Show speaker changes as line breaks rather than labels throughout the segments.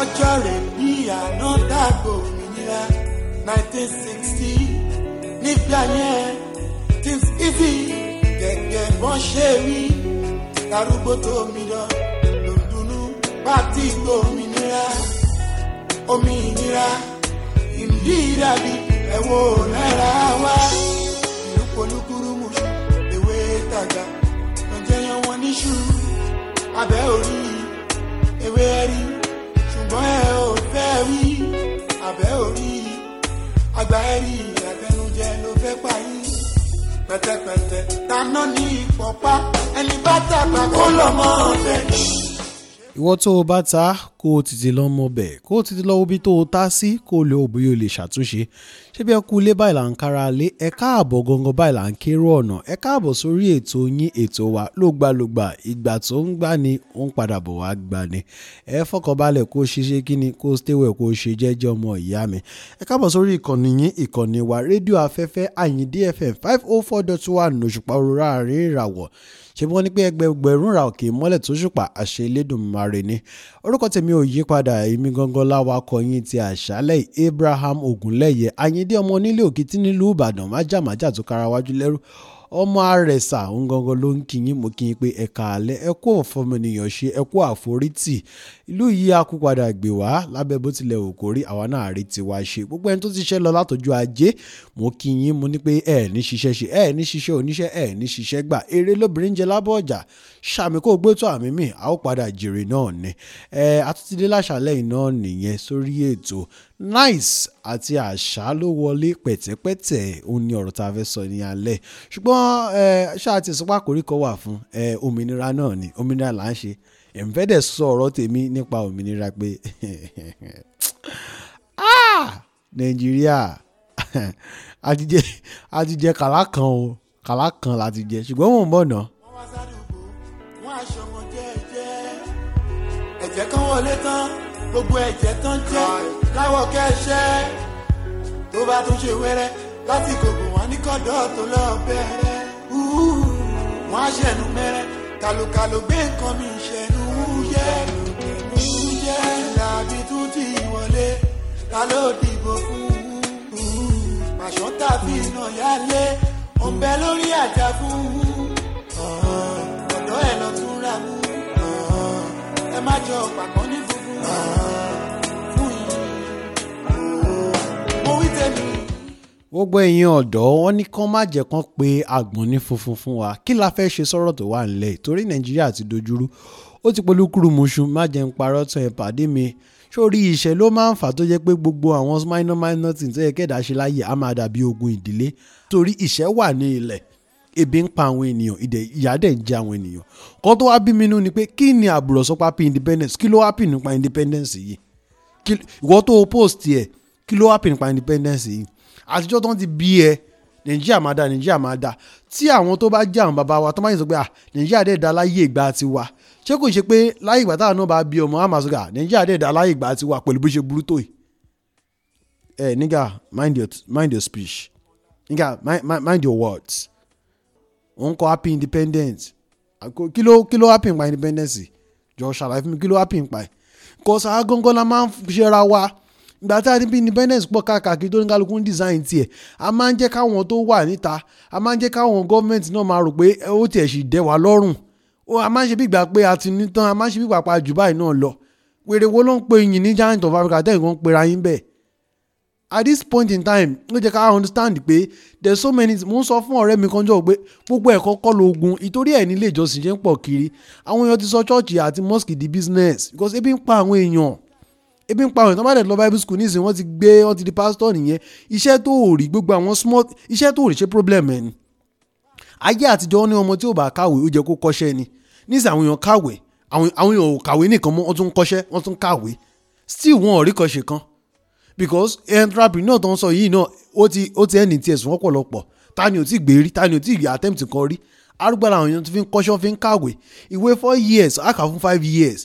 ọjọ́ rẹ̀ bí àná dàgbò òmìnira 1960 nígbà yẹn things easy gẹ́gẹ́ bọ́n ṣe rí arúgbó tó mi lọ lòdùnú bá ti gbó òmìnira òmìnira ìdí ìdàbí ẹ̀wọ̀n náírà. pẹ̀tẹ̀pẹ̀tẹ̀ dáná ní ìfọ̀pá ẹni bá tàgbà kó lọ́mọ ọ̀fẹ́.
ìwọ tó o bá ta kó o tètè lọ mọ bẹ̀ kó o tètè lọ ibi tó o ta sí kó o lè òbí o lè ṣàtúnṣe ṣé bí ẹ kú ilé báyìí là ń kára lé ẹ káàbọ̀ gangan báyìí là ń kérò ọ̀nà ẹ káàbọ̀ sórí ètò yín ètò wa lógbàlógbà ìgbà tó ń gbà ni ó ń padà bọ̀ wá gbà ni ẹ fọkànbalẹ̀ kó o ṣe ṣe kí ni kó o stay kó o ṣe jẹ́jẹ́ ọmọ ìyá mi ẹ káàbọ̀ sórí ìkànnì yín ìkànnì wa rédíò afẹ́fẹ́ àyíndí fm five oh four dot one òṣùpá òrùra àárín ìràwọ̀ ṣé wọ́n ní pé ẹgbẹ̀gbẹ̀rún ra òkè mọ́lẹ̀ tó ṣùpá àṣẹ elédùnmarè ni orúkọ tèmi ò yí padà èmi gangan láwakọ̀ yín ti àṣálẹ̀ Abraham Ògúnlẹ̀yẹ Àyìndé ọmọ onílé òkìtì nílùú Ìbàdàn májàmájà tó kára wájú lẹ́rú ọmọ àrẹ̀sà òun gangan ló ń kíyìn mú kíyìn pé ẹ̀ka àlẹ́ ẹ kú ọ̀fọ́mọnìyàn ṣe ẹ kú àforítì ìlú yìí akúpadà gbè wá lábẹ́ bó tilẹ̀ ò kórí àwa náà rí tiwa ṣe gbogbo ẹni tó ti ṣe lọ látọjú ajé mú kíyìn mú ní pé ẹ ní ṣiṣẹ́ ṣe ẹ ní ṣiṣẹ́ oníṣẹ́ ẹ ní ṣiṣẹ́ gbà eré lóbìnrin jẹ lábọ́ ọjà ṣàmì kó gbé tó àmì mi a ó padà jèrè náà ni ẹ àtúntìdé láṣàlẹ̀ nice àti àṣà ló wọlé pẹ̀tẹ́pẹ̀tẹ́ òun ni ọ̀rọ̀ tá a fẹ́ sọ ní alẹ́ ṣùgbọ́n ṣáà ti sọpá koríko wà fún òmìnira náà ni òmìnira là ń ṣe ẹ̀ǹfẹ́dẹ̀ sọ ọ̀rọ̀ tèmi nípa òmìnira pé ah, nàìjíríà a ti jẹ kàlákan o kàlákan la ti ṣùgbọ́n mò bọ̀ ná.
ẹ̀jẹ̀ kan wọlé tán gbogbo ẹ̀jẹ̀ tán jẹ́ láwọ̀ kẹ́ṣẹ́ tó bá tún ṣe wẹ́rẹ́ lásìkò kò wọ́n ní kọ́dọ̀ tó lọ bẹ̀rẹ̀ wọ́n á ṣẹ̀nu mẹ́rẹ́ kàlùkàlù gbé nǹkan mi ṣẹ̀nu wúyẹ́ wúyẹ́ làbí tún ti wọlé ta ló dìbò fún pàṣọ tàbí iná yálé ọ̀bẹ lórí àjà fún ọ̀dọ́ ẹ̀ lọ tún ra mú ẹ má jọ pàpọ̀ ní funfun.
gbogbo ẹ̀yin ọ̀dọ́ wọn ní kán má jẹ́ kán pe àgbọ̀n ní funfun fún wa kí la fẹ́ ṣe sọ̀rọ̀ tó wà nílẹ̀ torí nàìjíríà ti dojúrú ó ti polú kúrúmuṣu má jẹ́ ń parọ́ tán ẹ̀ pàdé mi sórí iṣẹ́ ló máa ń fà tó jẹ́ pé gbogbo àwọn minor minor things tó yẹ kẹ́dà ṣe láyè á máa dàbí ogun ìdílé torí ìṣẹ́ wà ní ilẹ̀ ebi ń pa àwọn ènìyàn ìdẹ ìyà dẹ̀ ń jẹ àwọn ènìyàn kan tó wá bí mi nú ni pé kí ni àbùrọ̀sọ pápí independence kí ló wá pì nípa independence yìí ìwọ tó o post yẹ kí ló wá pì nípa independence yìí àtijọ́ tó ń ti bí ẹ nàìjíríà máa da nàìjíríà máa da tí àwọn tó bá jẹ́ àwọn bàbá wa tó máa yẹ sọ pé à nàìjíríà dẹ̀ da láyé ìgbà ti wa ṣé kò ṣe pé láyé ìgbà táwọn náà bá bí ọmọ àmà sọgà nàìjíríà dẹ̀ da láyé ìgbà ti wa pẹ̀lú bó ṣe burú tó yìí. ẹ eh, nígà mind your mind your speech nígà mind, mind, your words òun kọ happy independence kí ló kí ló happy nípa independence jọ ṣàlàyé fún mi kí ló happy nípa ẹ kọ́sà gángan la máa ń ṣe wa ìgbà tí a ti bí independence pọ̀ káàkiri tó ní kálukú ń design tiẹ̀ a máa ń jẹ́ káwọn tó wà níta a máa ń jẹ́ káwọn gọ́ọ̀mẹ̀ntì náà máa rò pé ó tiẹ̀ sì dẹ̀ wá lọ́rùn a máa ń ṣe bí ìgbà pé a ti ní tán a máa ń ṣe bí ìgbà pa jù báyìí náà lọ wèrè wo ló ń pe yìnyín ní giant of Africa tẹ́yìn kan ń pera yín bẹ́ẹ̀ at this point in time ló jẹ́ ká understand pé there's so many mo ń sọ fún ọ̀rẹ́ mi kan jọ pé gbogbo ẹ̀kọ́ kọ́ lóògùn ìtorí ẹ̀ nílé ìjọsìn jẹ́ ń pọ̀ kiri àwọn èèyàn ti sọ chọ́ọ̀chì àti mosque di business because ebi ń pa àwọn èèyàn ebi ń pa àwọn ìtàn bá dẹ̀ lọ bible school nísìnyí wọ́n ti gbé wọ́n ti di pastor nìyẹn iṣẹ́ tó ò rí gbogbo àwọn small iṣẹ́ tó ò rí ṣe problem ẹ̀ ni ayé àtijọ́ ní ọmọ tí ò bá kàwé ó jẹ́ kó kọ́ṣẹ́ ni nísìnyí àwọn èèyàn kàwé àwọn èèyàn ò kàwé nìkan mọ́ wọ́n tún kọ́ṣẹ́ wọ́n tún kàwé still wọn ò rí kọ́ṣe kan because entrepreneur tó ń sọ yìí náà ó ti ó ti ẹni tiẹ̀ sùn ọ̀pọ̀lọpọ̀ ta ni ò tí gbé rí ta attempt kan rí arúgbó làwọn èèyàn ti fi ń kọ́ṣẹ́ fi ń kàwé ìwé four years àkà fún five years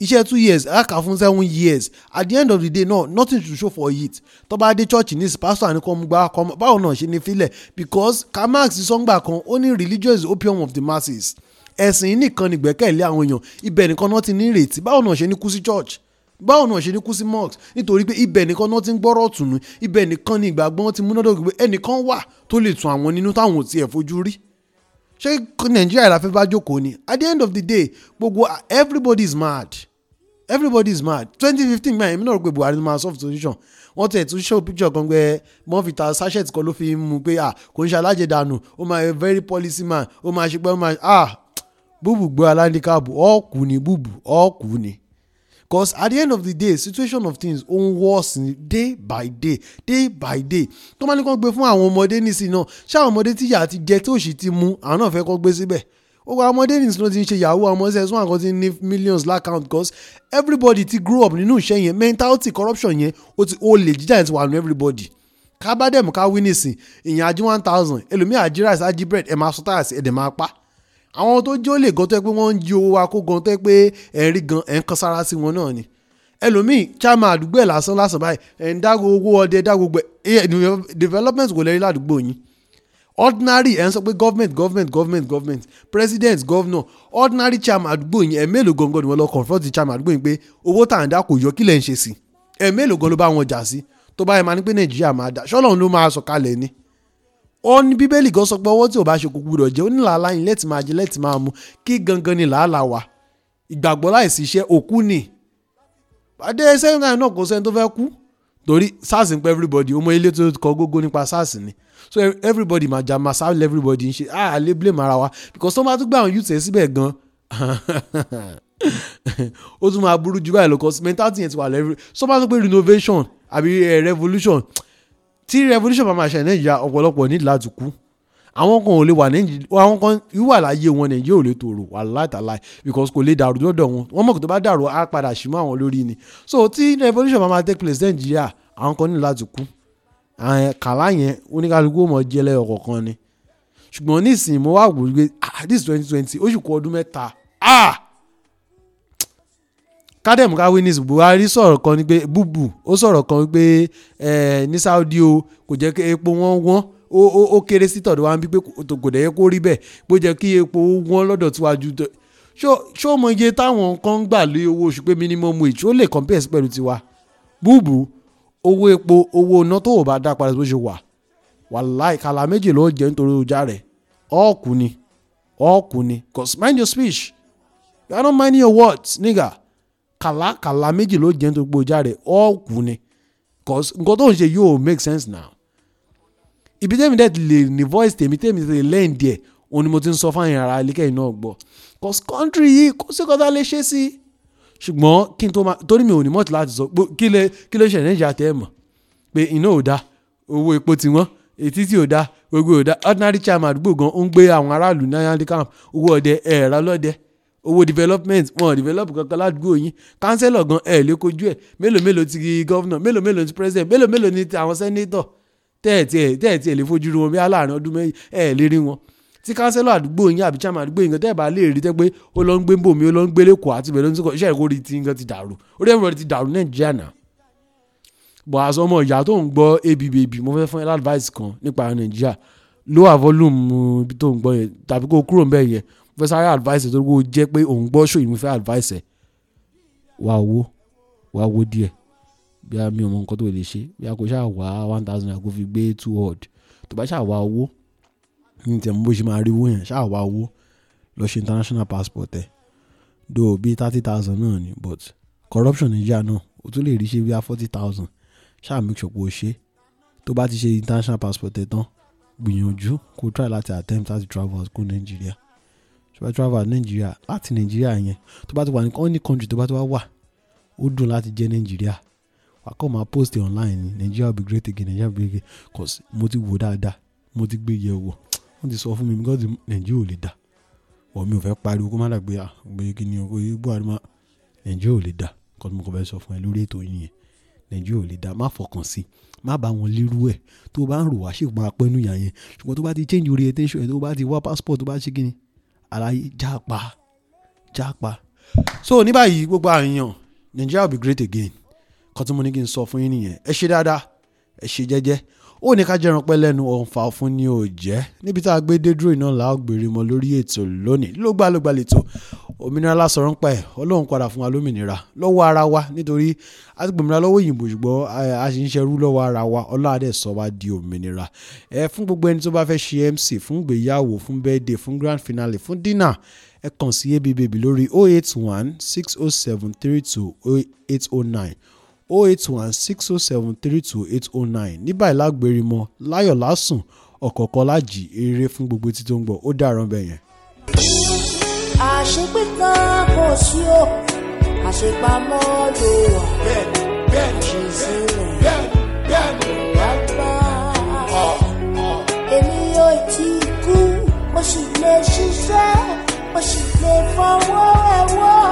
iṣẹ́ two years àkà fún seven years at the end of the day no, nothing to show for it tọ́ba adé church ní pastor ní kọ́mú gbá kọ́mú báwo náà ṣe ní filẹ̀ because kamax sọ́ngbà kan ó ní religious opium of the masses ẹ̀sìn nìkan ni gbẹ́kẹ̀lé àwọn èèyàn ibẹ̀ nìkan náà ti ní ìrètí báwo náà ṣe ní kú sí church báwo náà ṣe ní kú sí mosque nítorí pé ibẹ̀ nìkan náà ti ń gbọ́rọ̀ tùnú ibẹ̀ nìkan ni ìgbàgbọ́ ti múnádókè pé ẹnìkan wà tó lè tún àwọn nínú táwọn ò tiẹ̀ fojú rí ṣé nàìjíríà la bá jókòó ni at the end of the day gbogbo everybody is mad everybody is mad twenty fifteen gbà yẹn mi náà rò pé buhari máa solve solution wọ́n tẹ̀ tún show picture kan pé wọ́n fi ta sachet kan ló fi ń mu pé ah kò ń ṣe alájẹdànù ó máa very policy man ó máa ṣe pé ó máa ah búbù gbé aláǹdíkàbù ọ̀ọ́kù ni búbù ọ̀ọ́kù ni cause at the end of the day situation of things ó ń worse day by day day by day tó máa ní kó gbé fún àwọn ọmọdé nísìnyí náà ṣé àwọn ọmọdé tíyà ti jẹ tí òṣì ti mú àwọn náà fẹ́ kó gbé síbẹ̀ owó ọmọdé nìsín ló ti ń ṣe yahoo ọmọ ṣe ẹ̀sùn àkọ́tí ní millions lákàntì because everybody ti grow up nínú iṣẹ́ yẹn mentality corruption yẹn ó ti ó lè jíjà yẹn ti wà nù everybody ká bá dẹ̀ mú ká wí nìsín ìyẹn ají one thousand ẹlòmíì ají rice ají bread ẹ̀ máa sọ táyà sí ẹ̀ dẹ̀ máa pa àwọn tó jó lè gan tó yẹ pé wọ́n ń jí owó wa kó gan tó yẹ pé ẹ̀ ń rí gan ẹ̀ ń kan sára sí wọn náà ni ẹlòmíì chairman àdúgbò ẹ̀ lásán lásán báyìí ẹ̀ ń dá gbogbo ọdẹ dá gbogbo development kò lè ládùúgbò yín ordinary ẹ̀ ń sọ pé government government government government president governor ordinary chairman àdúgbò yín ẹ̀ mélòó gangan ni wọ́n lọ confront chairman àdúgbò yín pé owó tàǹdà kò yọ kí lẹ̀ ń ṣe sí ẹ̀ mélòó gan ló bá wọn jà sí tó bá yẹ máa ní pé nàìjíríà máa dà ṣọ́lọ́run ló máa sọ̀kalẹ̀ ni ó ní bíbélì gan sọ pé ọwọ́ tí ò bá ṣe kò gbúdọ̀ jẹ́ onílàálá yín lẹ́tì máa jẹ lẹ́tì máa mu kí gangan ni làálàá wa ìgbàgbọ́ láìsí iṣẹ́ òkú ni àdé sẹ́yìn náà kò sẹ́ni tó fẹ́ kú torí sars ń pẹ́ everybody ọmọ ilé tó kọ gógó nípa sars ni so everybody máa jàmá sáàlì everybody ń ṣe ah lè blame ara wa because tó máa tún gbà àwọn youth ẹ̀ síbẹ̀ gan ó tún máa burú jù báyìí lọ cause mentality yẹn ti wà lẹ́rú so máa pé renovation àbí eh, revolution tí revolution bá máa ṣe Nàìjíríà ọ̀pọ̀lọpọ̀ ní láti kú àwọn kan ò lè wà Nàìjíríà àwọn kan wíwà láyé wọn Nàìjíríà ò lè tòrò wà látàláì because kò lè dàrú lọ́dọ̀ wọn wọ́n mọ̀ kó tó bá dàrú á padà sí mọ́ àwọn lórí ni so tí revolution máa take place Nàìjíríà àwọn kan ní láti kú kàlá yẹn oníkálukú ó mọ̀ jẹ́lẹ̀ ọ̀kọ̀ọ̀kan ni ṣùgbọ́n nísìnyí mo wá wò wípé ah this twenty twenty oṣù kọ ọdún mẹ́ta ah kádẹ́mù káwé ní Buhari sọ̀rọ̀ kan ní pé búbù ó sọ̀rọ̀ kan wípé eh, ní Saudi o kò jẹ́ kí epo wọn wọ́n ó ó ó kéré sí tọ̀dọ̀ wa ń bí pé kò dẹ̀ yẹ kó rí bẹ́ẹ̀ bó jẹ́ kí epo wọ́n lọ́dọ̀ tí wàá ju ṣó táwọn kan gbà lé owó oṣù pé minimum wage ó lè compare pẹ̀lú tiwa búùbù owó epo owó iná tó o bá dá padà tó ṣe wà wàláì kàlà méjì ló jẹ́ nítorí rẹ̀ ọ̀ọ́kù ni ọ̀ọ́kù mind your speech you don't mind your words niga. kàlà kàlà méjì ló ibi tẹ́mi dẹ̀ lè ní voice tèmi tèmi tèmi lẹ́yìn díẹ̀ òun ni mo ti ń sọ fáyín ara ilékẹ́yìn náà gbọ́ cause country yìí kò sí kọ́tà lè ṣe sí ṣùgbọ́n kí n tó máa torí mi ò ní mọ̀tì láti sọ kí lè kí lè ṣẹ̀lẹ̀ ìjà tẹ́ mọ̀ pé iná ò dáa owó epo ti wọ́n ètí tí ò dáa gbogbo ò dáa ordinary chairman àdúgbò gan ó ń gbé àwọn aráàlú náírà camp owó ọdẹ ẹ̀ẹ́rà lọ́dẹ owó development wọn ò develop kankan ládùúgbò yín councillor gan ẹ̀ lè kojú ẹ̀ mélòó mélòó ti gọ́vnà mélòó mélòó ti president mélòó mélòó ni àwọn senator tẹ́ẹ̀tì ẹ̀ tẹ́ẹ̀tì ẹ̀ lè fojú rí wọn bí aláàárín ọdún mẹ́yìn ẹ̀ lè rí wọn tí kánsẹ́lọ̀ àdúgbò yín àbí chairman àdúgbò yín kan tẹ́ẹ̀ bá lè rí tẹ́ pé ó lọ ń gbé bòmí ó lọ ń gbé lẹ́kọ̀ọ́ àti bẹ̀rẹ̀ lọ́sọ̀kọ̀ iṣẹ́ ìkórè ti nǹkan ti dàrú orí ẹ̀rọ ti dàrú nàìjíríà náà bọ̀ àṣọ ọmọ ìyá tó ń gbọ́ ebi bèbí mo fẹ́ fún ẹ advice kan nípa nàìjíríà lower volume uh, ibi tó ń gbọ́ yẹn tàbí kó kúrò níbẹ̀ yẹn mo fẹ́ sáré advice tó kó jẹ́ pé òun gbọ́ ṣòyìn mo fẹ́ advice ẹ̀ wà owó wà owó díẹ̀ bí a mi ò mọ nǹkan tó lè ṣe bí a kò ṣáà wá one thousand naira kó fi gbé two odd tó bá ṣáà wá owó ní tẹ̀mú bó ṣe máa rí owó yẹn ṣáà wá owó lọ ṣe international passport ẹ̀ do bíi thirty thousand náà ni but corruption níjà náà o tún lè rí ṣe bíi forty thousand ṣáà make sure pé o ṣe tó bá ti ṣe international passport ẹ̀ tán gbìyànjú kó try láti attempt láti travel go Nigeria. tó bá travel Nigeria. láti nàìjíríà yẹn tó bá ti wà ní any country tó bá ti wá wà ó dùn láti jẹ́ nàìjíríà wà á kọ́ post it online ni Nigeria will be great again Nigeria will be great cause mo ti wò dáadáa mo ti gbé yẹ̀ wò wọ́n ti sọ fún mi because Nigeria ò lè dà wọ́n mi ò fẹ́ pariwo kó má dàgbé à gbé kíni o Buhari ma. Nigeria ò lè dà kọ́ mo kọ́ fẹ́ sọ fún ẹ lórí ètò yìí Nigeria ò lè dà má fọkàn sí má bá wọn lérú ẹ tó bá ń rò wá ṣèpọn apẹnu yà yẹn ṣùgbọ́n tó bá ti change orientation ẹ tó bá ti wá passport tó bá ṣe kíni àlàyé jápa jápa so ní báyìí gbogbo àyàn Nigeria will be great again kan tí mo ní kí n sọ fún yín nìyẹn ẹ ṣe dáadáa ẹ ṣe jẹ́jẹ́ ó ní ká jẹran pẹ́ lẹ́nu ọ̀nfà fún ni ò jẹ́ níbi tá a gbé dé dúró iná làá gbèrè mọ́ lórí ètò lónìí lógbà lógbà lẹ́tọ̀ òmìnira lásọ̀rọ̀ ń pa ẹ̀ ọlọ́run padà fún wa lómìnira lọ́wọ́ ara wa nítorí a ti gbòmìnira lọ́wọ́ òyìnbó ṣùgbọ́n eh, a sì ń ṣerú lọ́wọ́ ara wa ọlọ́adẹ sọ wa di òmìnira ẹ fún gbogbo ẹni tó bá fẹ́ ṣe MC fún gbéyàwó fún birthday fún grand finale fún dinner ẹ kàn sí ABBABY lórí 081 607 32 809 081 607 32809 ní báyìí lágbèrímọ láyọ̀ lásùn ọ̀kọ̀ọ̀kan lájì eré fún gbogbo etí tó ń gbọ́ ó dàrán bẹ́ẹ̀ yẹn.
àṣepé kan kò sí o àṣepamọ́ ló wà bẹ́ẹ̀ bẹ́ẹ̀ ṣe sílẹ̀ bẹ́ẹ̀ bẹ́ẹ̀ bàbá èmi yóò ti kú mo sì lè ṣiṣẹ́ mo sì lè fọwọ́ ẹ̀wọ́.